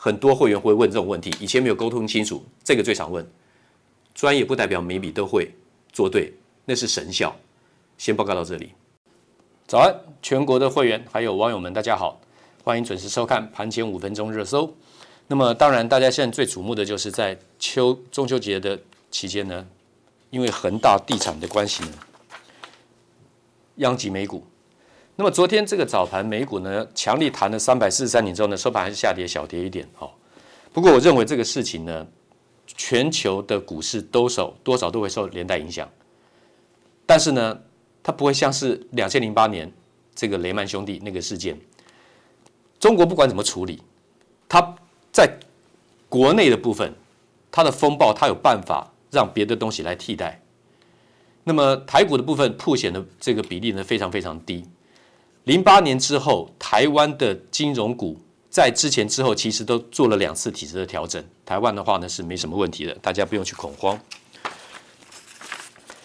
很多會員會問這種問題，以前沒有溝通清楚，這個最常問。專業不代表每筆都會做對，那是神效。先報告到這裡。早安，全國的會員還有網友們，大家好，歡迎準時收看盤前五分鐘熱搜。那麼，當然大家現在最矚目的就是在秋中秋節的期間呢，因為恆大地產的關係呢，殃及美股。那麼昨天這個早盤美股呢，強力彈了三百四十三點之後呢，收盤還是下跌小跌一點哦。不過我認為這個事情呢，全球的股市都受多少都會受連帶影響，但是呢，它不會像是兩千零八年這個雷曼兄弟那個事件。中國不管怎麼處理，它在國內的部分，它的風暴它有辦法讓別的東西來替代。那麼台股的部分曝險的這個比例呢，非常非常低。零八年之後，台灣的金融股在之前之後，其實都做了兩次體質的調整。台灣的話呢，是沒什麼問題的，大家不用去恐慌。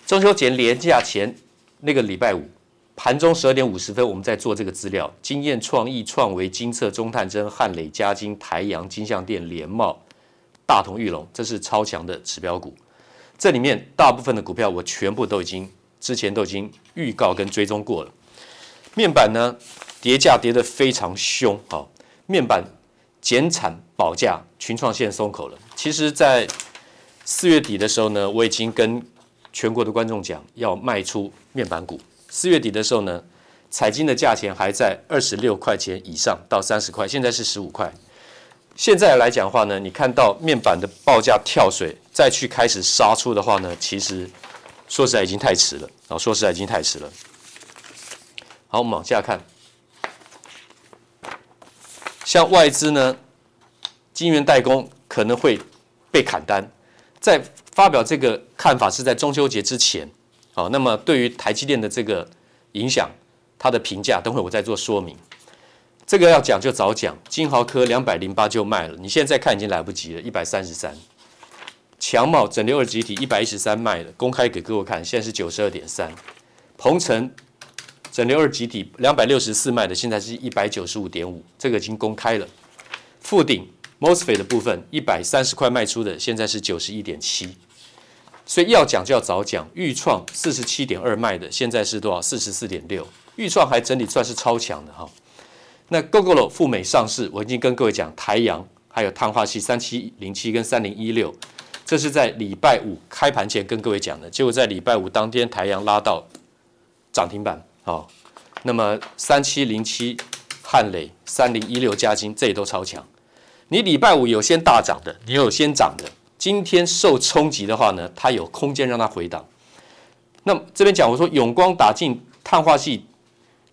中秋節連假前那個禮拜五，盤中十二點五十分，我們在做這個資料。經驗創意、創維、金策、中探針、漢磊、嘉金、台陽、金像電、聯茂、大同、玉龍，這是超強的指標股。這裡面大部分的股票，我全部都已經之前都已經預告跟追蹤過了。面板呢，跌價跌得非常凶啊、哦！面板減產保價，群創線鬆口了。其實，在四月底的時候呢，我已經跟全國的觀眾講，要賣出面板股。四月底的時候呢，彩晶的價錢還在二十六塊錢以上到三十塊，現在是十五塊。現在來講的話呢，你看到面板的報價跳水，再去開始殺出的話呢，其實說實在已經太遲了啊、哦！說實在已經太遲了。好，我們往下看。像外資呢，晶圓代工可能會被砍單。在發表這個看法是在中秋節之前。好，那麼對於台積電的這個影響，他的評價，等會我再做說明。這個要講就早講，晶豪科兩百零八就賣了，你現在看已經來不及了，一百三十三。強茂整流二極體一百一十三賣了，公開給各位看，現在是九十二點三。鵬城。整流二極體兩百六十四賣的，現在是一百九十五點五，這個已經公開了。富鼎 MOSFET 的部分一百三十塊賣出的，現在是九十一點七。所以要講就要早講。裕創四十七點二賣的，現在是多少？四十四點六。裕創還整理算是超強的哈、哦。那 Gogoro 赴美上市，我已經跟各位講台陽還有碳化矽三七零七跟三零一六，這是在禮拜五開盤前跟各位講的。結果在禮拜五當天台陽拉到漲停板。好、哦，那麼三七零七漢磊、三零一六嘉晶，這些都超強。你禮拜五有先大漲的，你有先漲的。今天受衝擊的話呢，它有空間讓它回檔。那麼這邊講，我說永光打進碳化矽，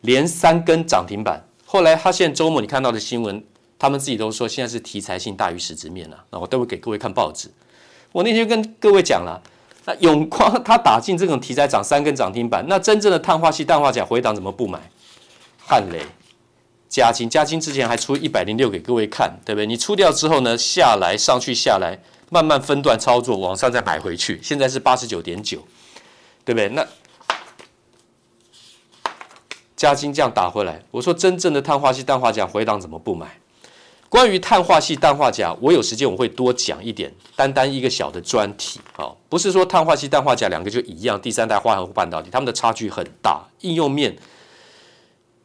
連三根漲停板。後來他現在周末你看到的新聞，他們自己都說現在是題材性大於實質面了、啊。那我待會給各位看報紙。我那天跟各位講了。永光他打進這種題材漲三根漲停板，那真正的碳化硅、氮化鎵回檔怎麼不買？漢磊、嘉晶、嘉晶之前還出一百零六給各位看，對不對？你出掉之後呢，下來上去下來，慢慢分段操作，往上再買回去。現在是八十九點九，對不對？那嘉晶這樣打回來，我說真正的碳化硅、氮化鎵回檔怎麼不買？關於碳化矽氮化鎵，我有時間我會多講一點，單單一個小的專題啊、哦，不是說碳化矽氮化鎵兩個就一樣，第三代化合物半導體，他們的差距很大，應用面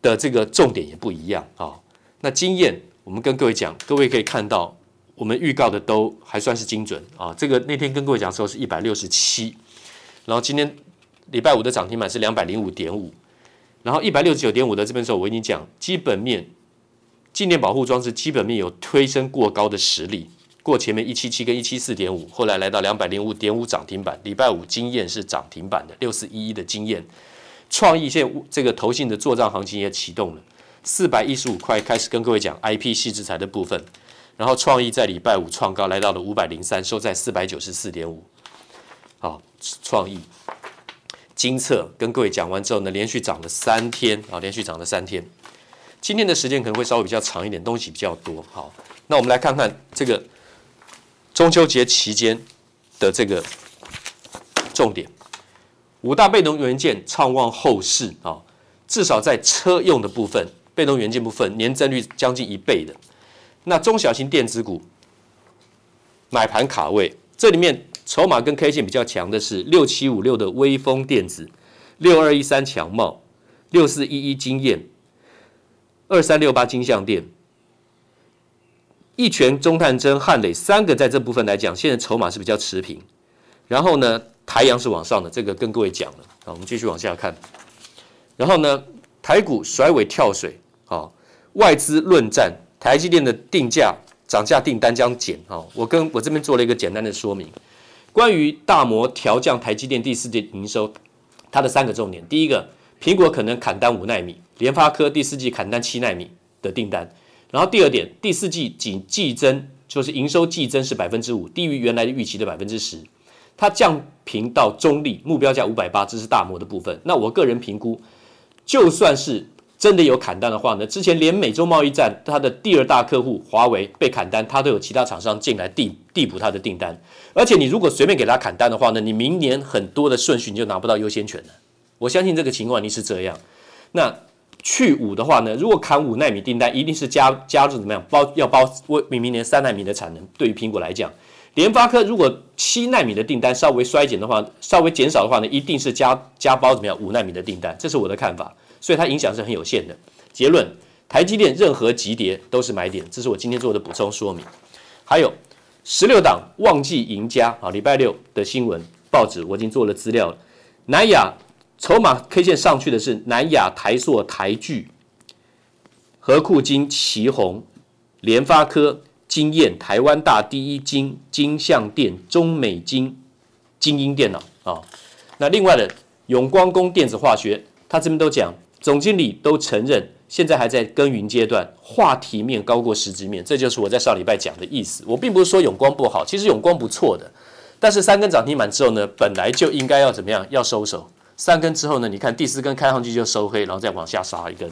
的這個重點也不一樣啊、哦。那經驗，我們跟各位講，各位可以看到，我們預告的都還算是精準啊、哦。這個那天跟各位講的時候是一百六十七，然後今天禮拜五的漲停板是兩百零五點五，然後一百六十九點五的這邊時候，我已經講基本面。靜電保護裝置基本面有推升過高的實力，過前面一七七跟一七四點五，後來來到兩百零五點五漲停板。禮拜五經驗是漲停板的六四一一的經驗。創意現在這個投信的作帳行情也啟動了，四百一十五塊開始跟各位講 IP 矽智財的部分，然後創意在禮拜五創高來到了五百零三，收在四百九十四點五。好，創意精測跟各位講完之後呢，連續漲了三天啊，連續漲了三天。今天的時間可能會稍微比較長一點，東西比較多。好，那我們來看看這個中秋節期間的這個重點，五大被動元件暢旺後市啊、哦，至少在車用的部分，被動元件部分年增率將近一倍的。那中小型電子股買盤卡位，這裡面籌碼跟 K 線比較強的是六七五六的威鋒電子，六二一三強茂，六四一一晶焱。二三六八金像電、一拳中探針、漢磊三個在這部分來講，現在籌碼是比較持平。然後呢，台陽是往上的，這個跟各位講了。好，我們繼續往下看。然後呢，台股甩尾跳水，啊、哦，外資論戰，台積電的定價漲價訂單將減。啊、哦，我跟我這邊做了一個簡單的說明。關於大摩調降台積電第四季營收，它的三個重點：第一個，蘋果可能砍單五奈米。聯發科第四季砍單七奈米的訂單，然後第二點，第四季僅季增，就是營收季增是百分之五，低於原來的預期的百分之十，它降評到中立，目標價五百八，這是大摩的部分。那我個人評估，就算是真的有砍單的話呢，之前連美中貿易戰，它的第二大客戶華為被砍單，它都有其他廠商進來遞遞補它的訂單，而且你如果隨便給他砍單的話呢，你明年很多的順序你就拿不到優先權了。我相信這個情況你是這樣，那。去五的話呢，如果砍五納米訂單，一定是加加入怎麼樣包要包明明年三納米的產能。對於蘋果來講，聯發科如果七納米的訂單稍微衰減的話，稍微減少的話呢，一定是加加包怎麼樣五納米的訂單，這是我的看法。所以它影響是很有限的。結論：台積電任何急跌都是買點，這是我今天做的補充說明。還有十六檔旺季贏家啊，禮拜六的新聞報紙我已經做了資料了，南亞。籌碼 K 線上去的是南亞、台碩、台巨、和庫金、旗紅、聯發科、金燕、台灣大、第一金、金相電、中美金，金、精英電腦啊。那另外的永光工電子化學，他這邊都講，總經理都承認，現在還在耕耘階段，話題面高過實質面，這就是我在上禮拜講的意思。我並不是說永光不好，其實永光不錯的，但是三根漲停板之後呢，本來就應該要怎麼樣，要收手。三根之後呢？你看第四根開上去就收黑，然後再往下殺一根。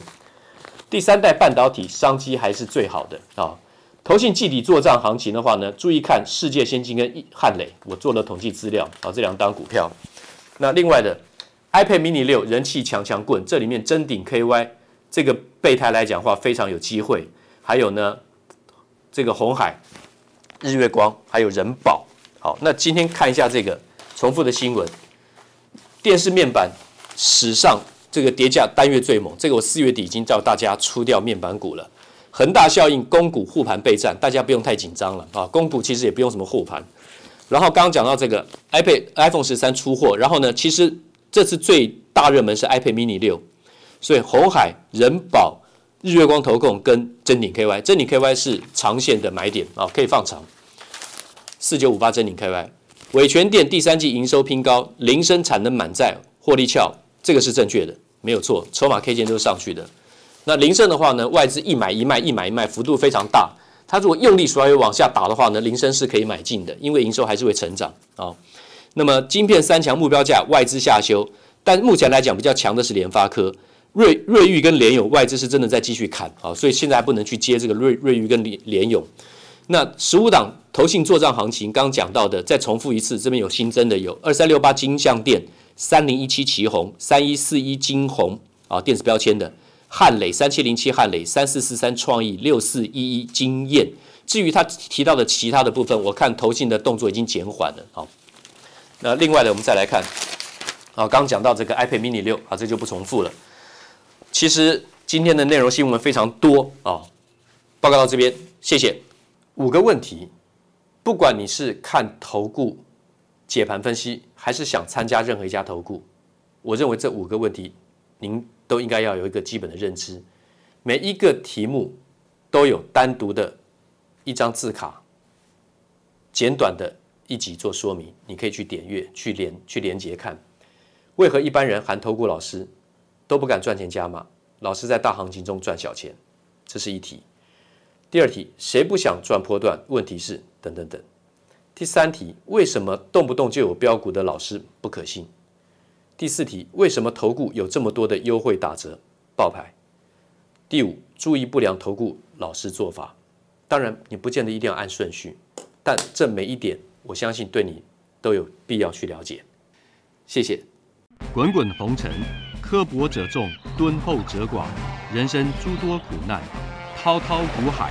第三代半導體商機還是最好的啊！投信季底做賬行情的話呢，注意看世界先進跟漢磊，我做了統計資料啊，這兩檔股票。那另外的 iPad Mini 六人氣強強滾，這裡面臻鼎 KY 這個備胎來講的話非常有機會。還有呢，這個鴻海、日月光還有人保。好，那今天看一下這個重複的新聞。電視面板史上這個跌價單月最猛，這個我四月底已經叫大家出掉面板股了。恆大效應公股護盤備戰，大家不用太緊張了啊。公股其實也不用什麼護盤。然後剛剛講到這個 iPad iPhone 十三出貨，然後呢，其實這次最大熱門是 iPad Mini 六，所以鴻海、仁寶、日月光投控跟臻鼎 KY，臻鼎 KY 是長線的買點啊，可以放長四九五八臻鼎 KY。偉詮電第三季營收拼高，鈴聲產能滿載，獲利俏，這個是正確的，沒有錯，籌碼 K 線都是上去的。那林盛的話呢，外資一買一賣，一買一賣，幅度非常大。它如果用力甩尾往下打的話呢，鈴聲是可以買進的，因為營收還是會成長啊、哦。那麼晶片三強目標價外資下修，但目前來講比較強的是聯發科、瑞、瑞昱跟聯詠，外資是真的在繼續砍啊、哦，所以現在還不能去接這個瑞、瑞昱跟聯、聯、聯詠。那十五檔投信作帳行情，剛剛講到的，再重複一次，這邊有新增的，有二三六八金像電、三零一七奇鋐、三一四一晶宏啊，電子標籤的漢磊三七零七漢磊、三四四三創意、六四一一晶焱。至於他提到的其他的部分，我看投信的動作已經減緩了。好，那另外的我們再來看，啊，剛剛講到這個 iPad Mini 六，啊，這就不重複了。其實今天的內容新聞非常多啊，報告到這邊，謝謝。五個問題，不管你是看投顧解盤分析，還是想參加任何一家投顧，我認為這五個問題您都應該要有一個基本的認知。每一個題目都有單獨的一張字卡，簡短的一集做說明，你可以去點閱、去連、去連接看。為何一般人含投顧老師都不敢賺錢加碼，老是在大行情中賺小錢？這是一題。第二題，誰不想賺波段？問題是等等等。第三題，為什麼動不動就有飆股的老師不可信？第四題，為什麼投顧有這麼多的優惠打折報牌？第五，注意不良投顧老師做法。當然，你不見得一定要按順序，但這每一點，我相信對你都有必要去了解。謝謝。滾滾紅塵，刻薄者眾，敦厚者寡。人生諸多苦難，滔滔苦海。